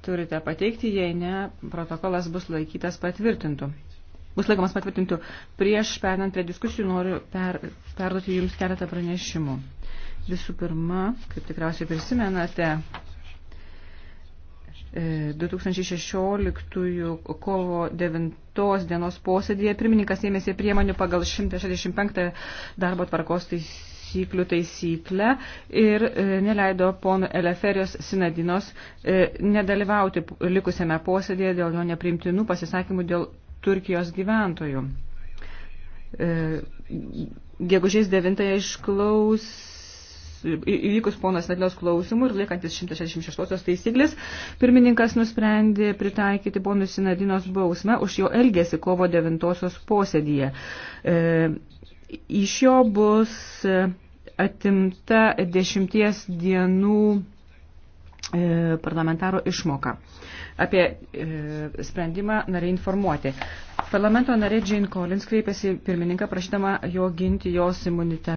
turite pateikti, jei ne, protokolas bus laikytas patvirtintų. Bus laikomas patvirtintų. Prieš perinant prie diskusijų noriu per, perduoti Jums keletą pranešimų. Visų pirma, kaip tikriausiai prisimenate, 2016 e, kovo 9 dienos posėdėje pirmininkas ėmėsi priemonių pagal 165 darbo tvarkos taisyklės taisyklių taisyklę ir e, neleido pono Eleferijos Sinadinos e, nedalyvauti likusiame posėdėje dėl jo neprimtinų pasisakymų dėl Turkijos gyventojų. E, gegužės 9 išklaus įvykus ponas Nadlios klausimų ir laikantis 166 taisyklės, pirmininkas nusprendė pritaikyti ponus Sinadinos bausmę už jo elgesį kovo 9 posėdyje. E, Iš jo bus e, atimta dešimties dienų e, parlamentaro išmoka. Apie e, sprendimą nariai informuoti. Parlamento narė Jane Collins kreipėsi pirmininką prašydama jo ginti jos imunitetą.